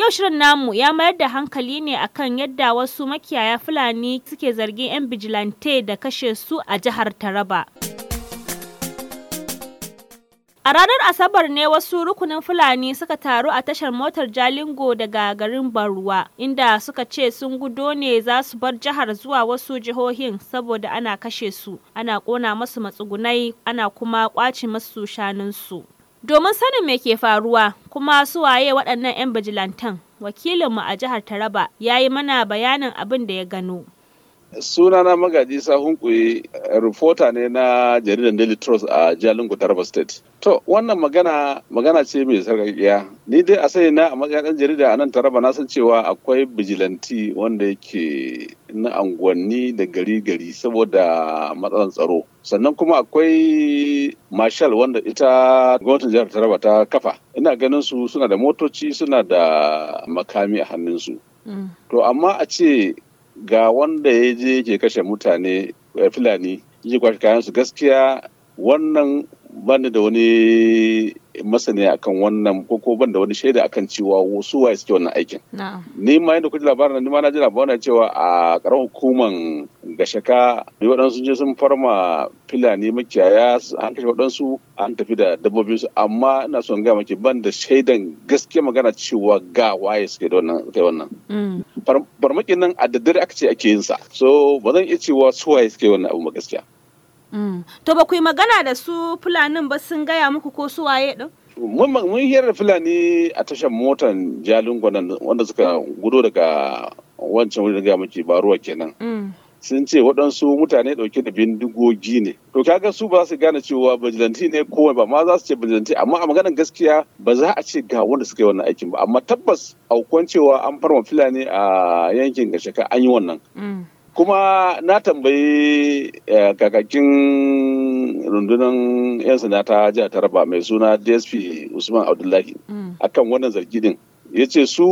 Yau shirin namu ya mayar da hankali ne akan yadda wasu makiyaya Fulani suke zargin 'yan bijilante da kashe su a jihar Taraba. A ranar Asabar ne wasu rukunin Fulani suka taru a tashar motar Jalingo daga garin Baruwa, inda suka ce sun gudo ne za su bar jihar zuwa wasu jihohin saboda ana kashe su, ana kona masu matsugunai, ana kuma kwace masu shanunsu. domin sanin me ke faruwa kuma su waye waɗannan 'yan bijilantan wakilinmu a jihar taraba ya yi mana bayanin abin da ya gano sunana magaji sahun kuyi eh, reporter ne na jaridar daily trust a jalingo taraba state to wannan magana magana ce mai sarkakiya ni dai a sai na a magana jarida a nan taraba na san cewa akwai bijilanti wanda yake na anguwanni da gari gari saboda matsalan tsaro sannan kuma akwai marshal wanda ita gwamnatin jihar taraba ta kafa ina ganin su suna da motoci suna da makami a hannunsu mm. to amma a ce ga wanda ya je ke kashe mutane eh, fulani yi kwashe kayan su gaskiya wannan bani da wani masani akan wannan ko ko ban da wani shaida akan cewa wasu waye suke wannan aikin ni ma yadda kuji labarin ni ma na ji labarin cewa a karamar hukuman gashaka ne waɗansu je sun farma filani makiyaya an kashe waɗansu an tafi da dabbobin su amma ina son gaya maki ban da shaidan gaskiya magana cewa ga waye suke da wannan suke wannan mm. farmakin nan a daddare aka ce ake yin sa so ba zan iya cewa su waye suke wannan abu ma gaskiya Mm. To ba ku yi magana da su fulanin ba sun gaya muku ko su waye ɗin? Mun hira da fulani a tashar motan jalin gwanan wanda suka gudo daga wancan wurin gaya muke ba ruwa kenan. Mm. Sun ce waɗansu mutane ɗauke da bindigogi ne. To kaga su ba su gane cewa bajilanti ne ko ba ma za su ce bajilanti amma a maganar gaskiya ba za a ce ga wanda suka yi wannan aikin ba amma tabbas aukuwan cewa an farma fulani a yankin gashaka an yi wannan. Mm. kuma na tambayi eh, kakakin rundunar 'yan sanda ta jihar taraba mai suna dsp usman abdullahi mm. akan wannan zargi din ya ce su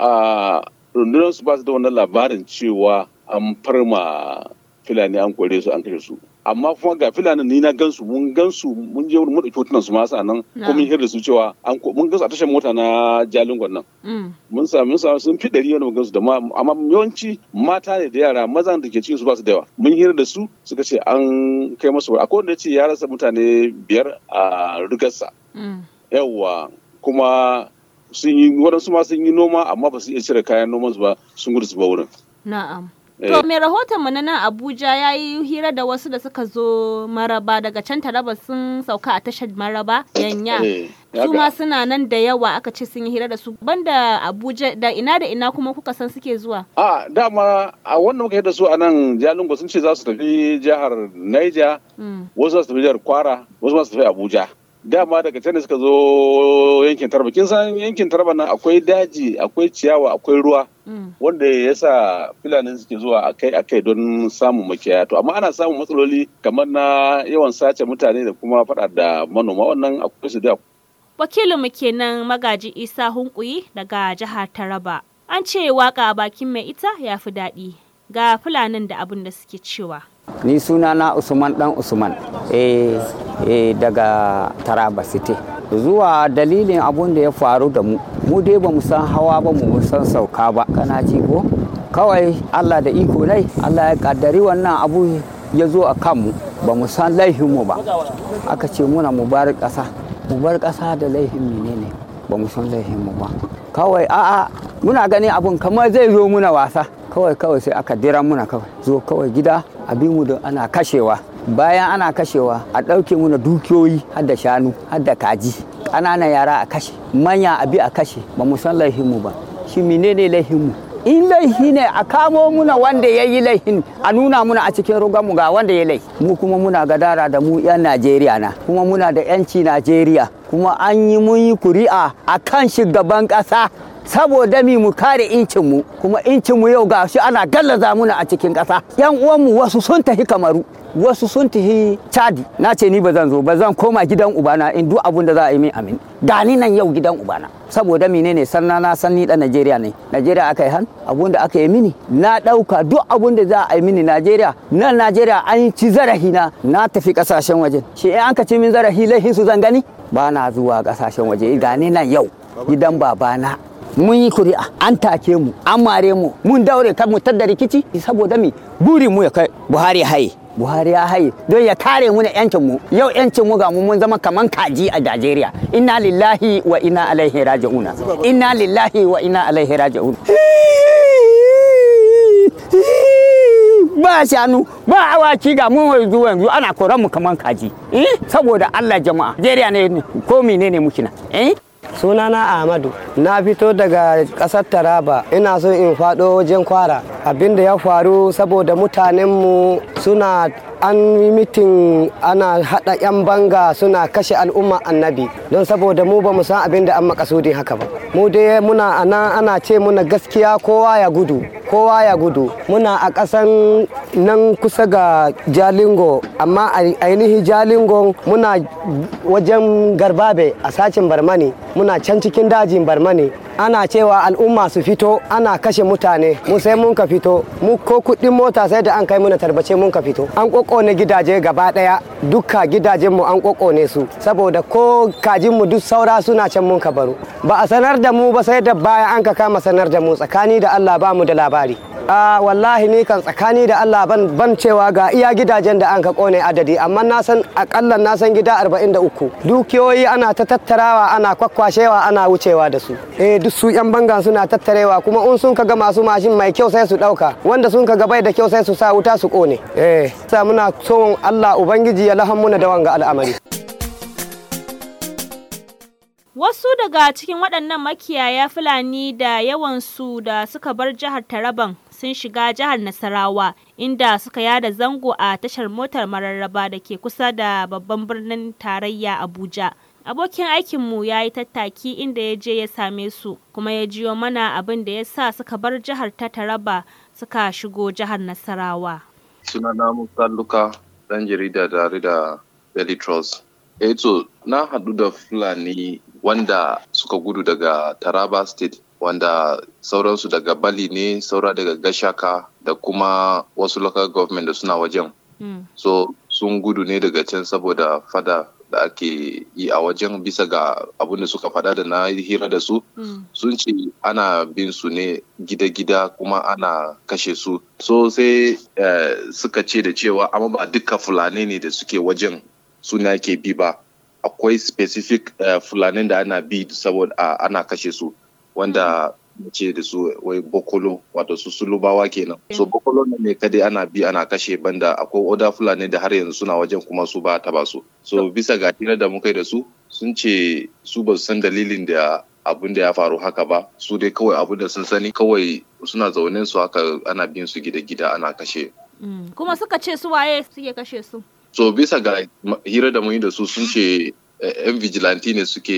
a rundunar su ba su da wannan labarin cewa an farma filani an kore su an kashe su amma kuma ga filanin ni na gansu mun gansu mun je mun dauki hotunan su ma nan ko mun hirda su cewa an mun gansu a tashar mota na jalingon nan mm. mun samu mun samu sun fi dari wani gansu da amma yawanci mata ne da yara mazan da ke cikin su ba su da yawa mun hirda su suka ce an kai masu ko wanda ce ya rasa mutane biyar a rigarsa mm. yawa kuma sun yi waɗansu ma sun yi noma amma ba su iya cire kayan noman su ba sun gudu su ba wurin na'am Eh. To mai mu na nan Abuja ya yi hira da wasu da suka zo maraba daga can taraba sun sauka a tashar maraba yanya. Eh, su ma suna nan da yawa aka ce sun yi hira da su banda Abuja da ina da ina kuma kuka san suke zuwa. A dama a wannan muka da su a nan Jalingo sun ce za su tafi jihar Niger, mm. wasu za su tafi jihar Kwara, wasu za su tafi Abuja. dama daga can suka zo yankin tarba kin san yankin tarba nan akwai daji akwai ciyawa akwai ruwa mm. wanda ya sa filanin suke zuwa akai akai don samun makiyaya to amma ana samun matsaloli kamar na yawan sace mutane da kuma faɗa da manoma wannan akwai su da wakilin mu kenan magaji isa hunkuyi daga jihar taraba an ce waka bakin mai ita ya fi daɗi ga fulanin da abin da suke cewa ni sunana usman dan usman eh Eh, daga taraba city zuwa dalilin abun da ya faru da mu mu dai ba mu san hawa ba mu san sauka ba kana ji ko kawai allah da iko nai allah ya kaddari wannan abu ya zo a kanmu ba mu san laihinmu ba aka ce muna mu bar ƙasa mu bar ƙasa da laifin menene ba mu san laihinmu ba kawai a'a muna ganin abun kamar zai zo muna wasa kawai kawai sai aka dira muna kawai zo kawai gida abin mu da ana kashewa bayan ana kashewa a ɗauke muna dukiyoyi har shanu har kaji ƙananan yara a kashe manya abi a kashe ba mu san laihinmu ba shi menene laifinmu in laihi ne a kamo muna wanda ya yi laihin a nuna muna a cikin ruganmu ga wanda ya laifi mu kuma muna gadara da mu 'yan najeriya na kuma muna da 'yanci najeriya kuma an yi mun yi kuri'a a kan shugaban ƙasa saboda mi mu kare incin mu, kuma incin mu yau ga shi ana gallaza muna a cikin ƙasa yan uwan mu wasu sun tafi kamaru wasu sun tafi chadi na ce ni ba zan zo ba zan koma gidan ubana in duk abun da za a yi min amin gani nan yau gidan ubana saboda ne sanna na san ni dan Najeriya ne Najeriya aka yi han abun da aka yi mini na dauka duk abun da za a yi mini Najeriya nan Najeriya an ci zarafi na na tafi kasashen waje shi an ka ci min zarahi laifin su zan gani ba na zuwa kasashen waje gani nan yau gidan babana mun yi kuri'a an take mu an mare mu mun daure kan mu da rikici saboda mi buri mu ya kai buhari haye buhari ya haye don ya kare mu na yancin mu yau yancin mu ga mu mun zama kaman kaji a najeriya inna lillahi wa inna alaihi raji'una inna lillahi wa inna alaihi raji'una ba shanu ba awaki ga mu yanzu yanzu ana koran mu kaman kaji eh saboda Allah jama'a Najeriya ne ko menene muke na eh sunana ahmadu na fito daga ƙasar taraba ina so in faɗo wajen kwara abinda ya faru saboda mutanenmu suna an yi mitin ana haɗa 'yan banga suna kashe al'umma annabi don saboda mu ba mu san abinda an makasudin haka ba mu dai muna anan ana ce muna gaskiya kowa ya gudu kowa ya gudu muna a ƙasan nan kusa ga jalingo amma ainihi jalingo muna wajen garbabe a sacin barmani muna can cikin dajin barmani ana cewa al'umma su fito ana kashe mutane mu sai mun ka fito mu ko kuɗin mota sai da an kai muna tarbace mun ka fito an kokone gidaje gaba ɗaya dukka gidajen mu an kokone su saboda ko kajin mu duk saura suna can mun ka baro ba a sanar da mu ba sai da baya an ka kama sanar da mu tsakani da Allah ba mu da labari labari a wallahi ni kan tsakani da Allah ban cewa ga iya gidajen da an ka kone adadi amma na san akalla na san gida 43 dukiyoyi ana ta tattarawa ana kwakwashewa ana wucewa da su eh duk su yan bangan suna tattarewa kuma in sun ga masu mashin mai kyau sai su dauka wanda sun kaga bai da kyau sai su sa wuta su kone eh sa muna so Allah ubangiji ya lahamu da wanga al'amari Wasu daga cikin waɗannan makiyaya Fulani da yawansu da suka bar jihar Taraban sun shiga jihar Nasarawa inda suka yada zango a tashar motar mararraba da ke kusa da babban birnin tarayya Abuja. Abokin aikinmu ya yi tattaki inda ya je ya same su kuma ya jiyo mana abin da ya sa suka bar jihar ta Taraba suka shigo jihar Nasarawa. Sunana Musa Luka ɗan jarida tare da Eto, eh na haɗu da Fulani wanda suka gudu daga Taraba State wanda sauransu daga Bali ne saura daga Gashaka da kuma wasu local government da suna wajen. Mm. So sun gudu ne daga can saboda fada da ake yi a wajen bisa ga abin da suka fada da na hira da su hmm. sun ce ana bin su ne gida-gida kuma ana kashe su so sai eh, suka ce da cewa amma ba duka fulani ne da suke wajen suna ke bi ba akwai specific eh, fulani da ana bi saboda ah, ana kashe su wanda ce da su wai bokolo wato su sulubawa kenan so bokolo ne ne kadai ana bi ana kashe banda akwai oda fulani da har yanzu suna wajen kuma su ba ba su so bisa ga da muka yi da su sun ce su ba su san dalilin da abin da ya faru haka ba su dai kawai abin da sun sani kawai suna zaune su haka ana bin su gida-gida ana kashe mm. kuma suka ce su waye suke kashe su so bisa ga hira da muni da su sun ce eh, yan vigilante ne suke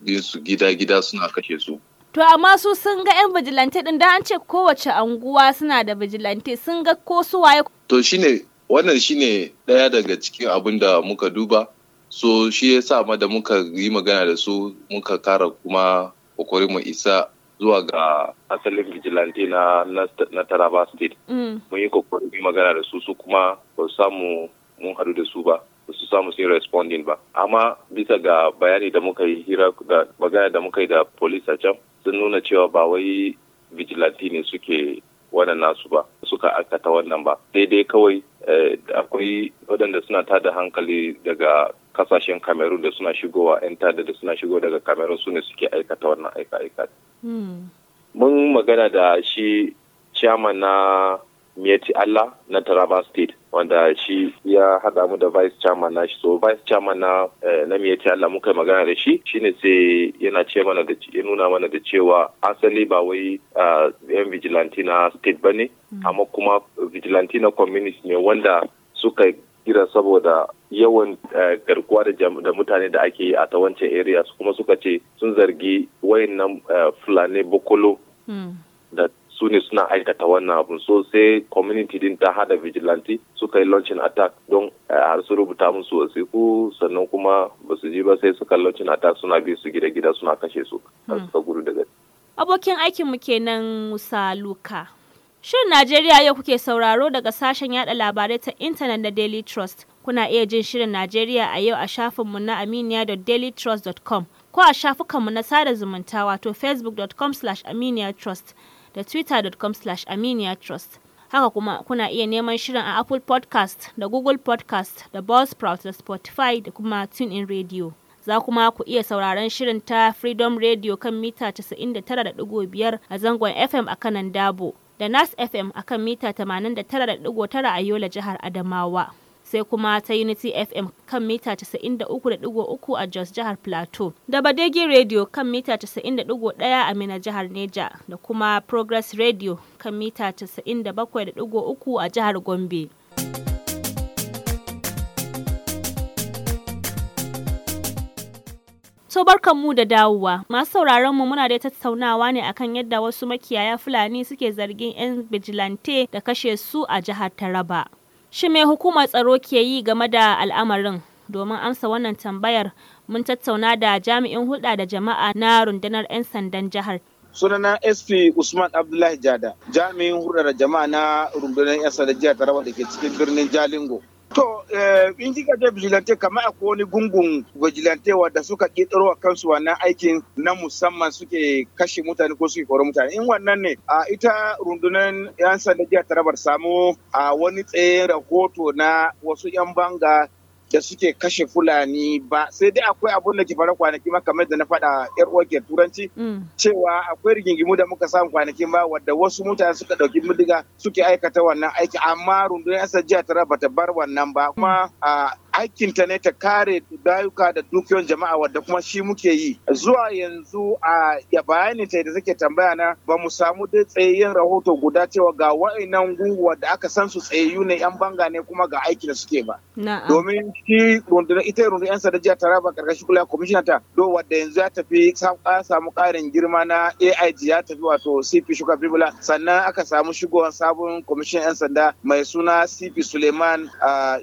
bin su gida-gida suna kashe su to amma su sun ga yan vigilante din da an ce kowace anguwa suna da vigilante sun ga ko su waye to shine wannan shine daya daga cikin abin da muka duba so shi ya sa ma da muka yi magana da su muka kara kuma kokori mu isa zuwa ga asalin vigilante na na, Taraba State. Mm. Mun yi kokarin magana da su su kuma ba samu mun haɗu da su ba ba su samu sun responding ba amma bisa ga bayani da muka yi hira da magana da muka yi da police a can sun nuna cewa ba wai vigilante ne suke wannan nasu ba suka aikata wannan ba daidai kawai eh, akwai waɗanda suna tada hankali daga kasashen cameroon da suna shigowa 'yan tada da suna shigo daga cameroon su ne suke aikata wannan aika-aika hmm. mun magana da shi chairman na Mieti Allah na Taraba State wanda shi ya hada mu da vice chairman na shi so vice chairman na eh, na Mieti Allah muka magana da shi shine sai yana ce mana da ya nuna mana da cewa asali ba wai eh, yan vigilante na state bane hmm. amma kuma vigilante na community ne wanda suka kira saboda yawan eh, garkuwa da mutane da ake yi a ta wancan area kuma suka ce sun zargi wayannan fulani bokolo hmm. da su ne suna aikata wannan abun so sai community din ta hada vigilante suka yi launching attack don eh, har su rubuta musu wasiku sannan kuma ba su ji ba sai suka launching attack suna bi su gida-gida suna kashe su hmm. suka gudu daga abokin aikinmu kenan musa luka Shirin Najeriya yau kuke sauraro daga sashen yada labarai ta intanet da Daily Trust. Kuna iya jin Shirin Najeriya a yau a shafinmu na aminiya.dailytrust.com ko a shafukanmu na sada zumunta wato facebook.com/aminiya trust. da twittercom trust Haka kuma kuna iya neman shirin a Apple Podcast da Google Podcast da Buzzsprout da Spotify da kuma TuneIn Radio. Za kuma ku iya sauraron shirin ta Freedom Radio kan mita 99.5 a zangon FM a kanan Dabo da Nas FM a kan mita 89.9 a Yola jihar Adamawa. sai kuma ta Unity FM kan mita 93.3 a Jos jihar Plateau, da Badegi Radio kan mita 91.1 a Mina jihar Neja, da kuma Progress Radio kan mita 97.3 a jihar Gombe. So barkanmu mu da dawowa. Masu sauraronmu muna da tattaunawa ne akan yadda wasu makiyaya Fulani suke zargin 'yan bijilante da kashe su a jihar Taraba. Shi mai hukumar tsaro ke yi game da al'amarin? Domin amsa wannan tambayar mun tattauna da jami'in hulɗa da jama'a na rundunar 'yan sandan jihar sunana sp usman abdullahi jada jami'in da jama'a na rundunar yan sanda jihar taraba da ke cikin birnin jalingo To, eh, in kika ce vigilante kamar akwai wani gungun vigilante wadda suka ƙetaro wa kansu wannan aikin na musamman suke kashe mutane ko suke kore mutane. In wannan ne, a ita rundunar 'yan sanda jiya tarabar samu a wani tsaye rahoto na wasu 'yan banga da suke kashe fulani ba sai dai akwai abun da ke fara kwanaki ma kamar da na faɗa yar uwar turanci mm. cewa akwai rigingimu da muka samu kwanaki ma wadda wasu mutane suka ɗauki mudiga suke aikata wannan aiki amma rundunar yasa jiya tara bata bar wannan ba kuma mm. aikinta ne ta kare dayuka da dukiyoyin jama'a wadda kuma shi muke yi zuwa yanzu a ya bayani ta da take tambaya na ba mu samu dai tsayayyen rahoto guda cewa ga wa'annan guguwa da aka san su tsayayyu ne yan banga ne kuma ga aiki da suke ba domin shi rundunar ita rundunar yan tara taraba karkashin kula kwamishina ta do wadda yanzu ya tafi samu karin girma na AIG ya tafi wato CP Shuka Bibula sannan aka samu shigowar sabon kwamishin yan sanda mai suna CP Suleiman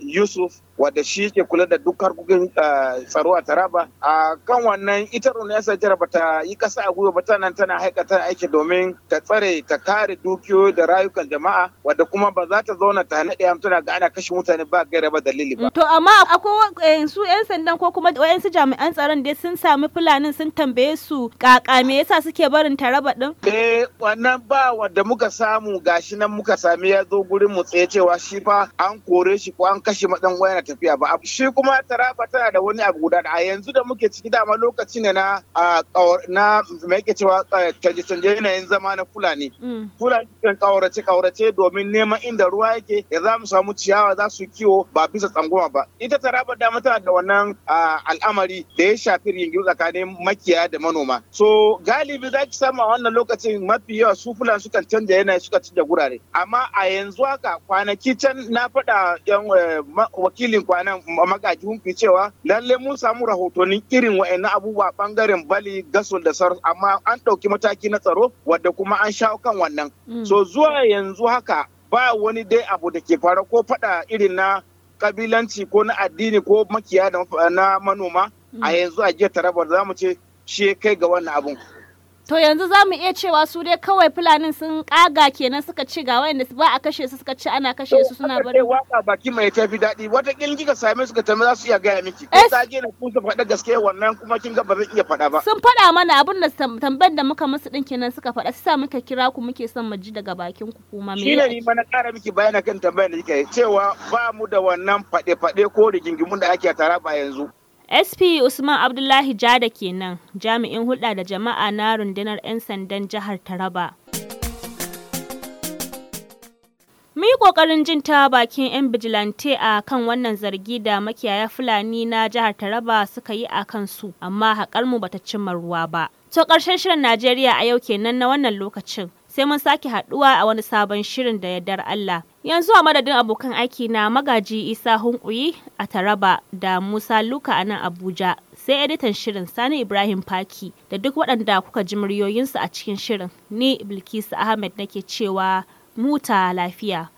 Yusuf wadda shi ke kula da duk harkokin eh, tsaro a taraba a kan wannan ita runesa jihar ta yi kasa a gwiwa ba ta nan tana haikata aiki domin ta tsare ta kare dukiyoyi da rayukan jama'a wadda kuma ba za ta zauna ta hana ɗaya tana ga ana kashe mutane ba gaira ba dalili ba. to amma akwai eh, su yan sandan ko kuma wayansu jami'an tsaron dai sun sami fulanin sun tambaye su kaka me yasa suke barin taraba din. eh wannan ba wadda muka samu gashi nan muka sami ya zo gurin mu tsaye cewa shi fa an kore shi ko an kashe madan wayar tafiya ba shi kuma taraba tana da wani abu guda a yanzu da muke ciki dama lokaci ne na na mai cewa canje canje yanayin zama na fulani mm. fulani kan kaurace kaurace domin neman inda ruwa yake ya za mu samu ciyawa za su kiwo ba bisa tsangwama ba ita taraba dama tana da wannan al'amari da ya shafi rigingimu tsakanin makiya da manoma so galibi za ki samu wannan lokacin mafi yawa su fulani sukan canja yanayi suka canja gurare amma a yanzu haka kwanaki can na faɗa yan eh, wakili dalilin kwanan magaji hunfi cewa lalle mun samu rahotonin irin wa'annan abubuwa bangaren bali gasol da sar amma an ɗauki mataki na tsaro wadda kuma an shawo kan wannan mm. so zuwa yanzu haka ba wani dai abu da ke fara ko faɗa irin na kabilanci ko na addini ko makiya na manoma mm. a yanzu a jiya taraba za ce shi kai ga wannan abun To yanzu za mu iya cewa su dai kawai fulanin sun kaga kenan suka ci ga wayanda ba a kashe su suka ci ana kashe su suna bari. Waka baki mai tafi daɗi wata kin kika same su ka tamma za su iya gaya miki. Ko ta je na kusa faɗa gaske, wannan kuma kin ga ba zan iya faɗa ba. Sun faɗa mana abin da tambayar da muka musu din kenan suka faɗa su sa muka kira ku muke son mu ji daga bakin ku kuma me. Shine ni ma na ƙara miki bayani kan tambayar da kika yi cewa ba mu da wannan faɗe-faɗe ko rigingimun da ake tara ba yanzu. SP Usman Abdullahi Jada kenan jami'in hulɗa da jama'a na rundunar 'yan sandan jihar Taraba. Mu yi ƙoƙarin jin ta bakin 'yan bijilante a kan wannan zargi da makiyaya Fulani na jihar Taraba suka yi a kansu, amma haƙarmu bata cimma ruwa ba. To ƙarshen shirin Najeriya a yau kenan na wannan lokacin, sai mun sake haɗuwa a wani sabon shirin da yardar Allah. Yanzu a madadin abokan aiki na Magaji Isa Hunkuyi a Taraba da Musa Luka a nan Abuja sai editan shirin Sani Ibrahim Faki da duk waɗanda kuka ji muryoyinsu a cikin shirin ni Bilkisu Ahmed nake cewa muta lafiya.